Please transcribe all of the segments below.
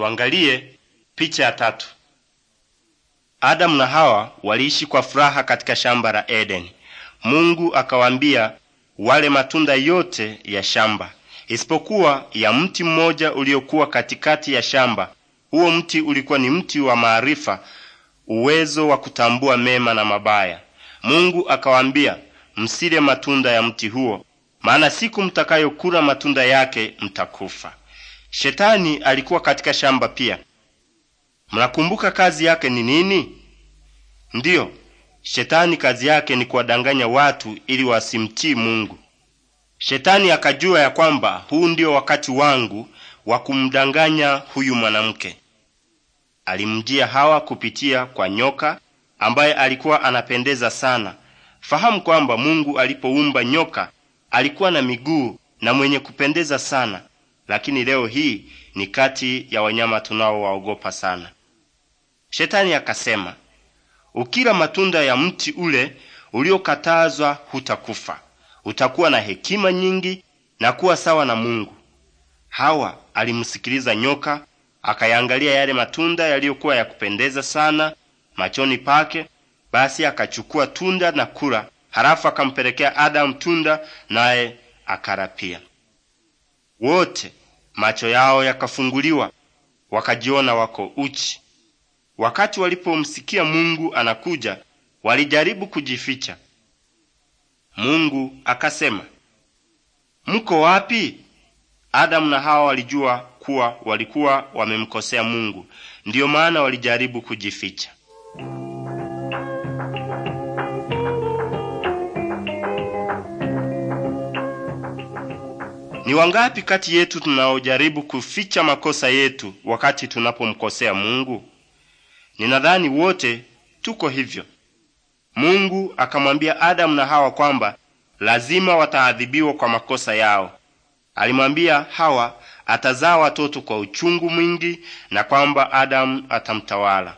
Tuangalie picha ya tatu. Adamu na Hawa waliishi kwa furaha katika shamba la Edeni. Mungu akawaambia wale matunda yote ya shamba isipokuwa ya mti mmoja uliokuwa katikati ya shamba. Huo mti ulikuwa ni mti wa maarifa, uwezo wa kutambua mema na mabaya. Mungu akawaambia, msile matunda ya mti huo, maana siku mtakayokula matunda yake mtakufa. Shetani alikuwa katika shamba pia. Mnakumbuka kazi yake ni nini? Ndiyo, shetani kazi yake ni kuwadanganya watu ili wasimtii Mungu. Shetani akajua ya kwamba huu ndio wakati wangu wa kumdanganya huyu mwanamke. Alimjia Hawa kupitia kwa nyoka ambaye alikuwa anapendeza sana. Fahamu kwamba Mungu alipoumba nyoka alikuwa na miguu na mwenye kupendeza sana lakini leo hii ni kati ya wanyama tunaowaogopa sana. Shetani akasema, ukila matunda ya mti ule uliokatazwa hutakufa. Utakuwa na hekima nyingi na kuwa sawa na Mungu. Hawa alimsikiliza nyoka, akayangalia yale matunda yaliyokuwa ya kupendeza sana machoni pake, basi akachukua tunda na kula. Halafu akampelekea Adamu tunda, naye akala pia. Wote macho yao yakafunguliwa, wakajiona wako uchi. Wakati walipomsikia Mungu anakuja, walijaribu kujificha. Mungu akasema, mko wapi? Adamu na Hawa walijua kuwa walikuwa wamemkosea Mungu, ndiyo maana walijaribu kujificha. Ni wangapi kati yetu tunaojaribu kuficha makosa yetu wakati tunapomkosea Mungu? Ninadhani wote tuko hivyo. Mungu akamwambia Adamu na Hawa kwamba lazima wataadhibiwa kwa makosa yao. Alimwambia Hawa atazaa watoto kwa uchungu mwingi na kwamba Adamu atamtawala.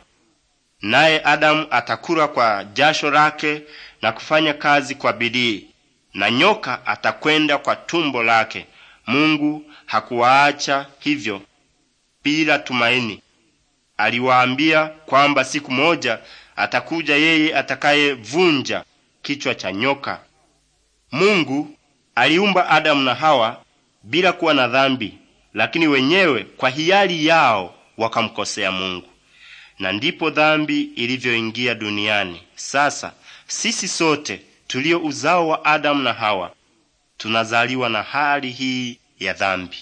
Naye Adamu atakula kwa jasho lake na kufanya kazi kwa bidii, na nyoka atakwenda kwa tumbo lake. Mungu hakuwaacha hivyo bila tumaini. Aliwaambia kwamba siku moja atakuja yeye atakayevunja kichwa cha nyoka. Mungu aliumba Adamu na Hawa bila kuwa na dhambi, lakini wenyewe kwa hiari yao wakamkosea Mungu, na ndipo dhambi ilivyoingia duniani. Sasa sisi sote tulio uzao wa Adamu na Hawa tunazaliwa na hali hii ya dhambi.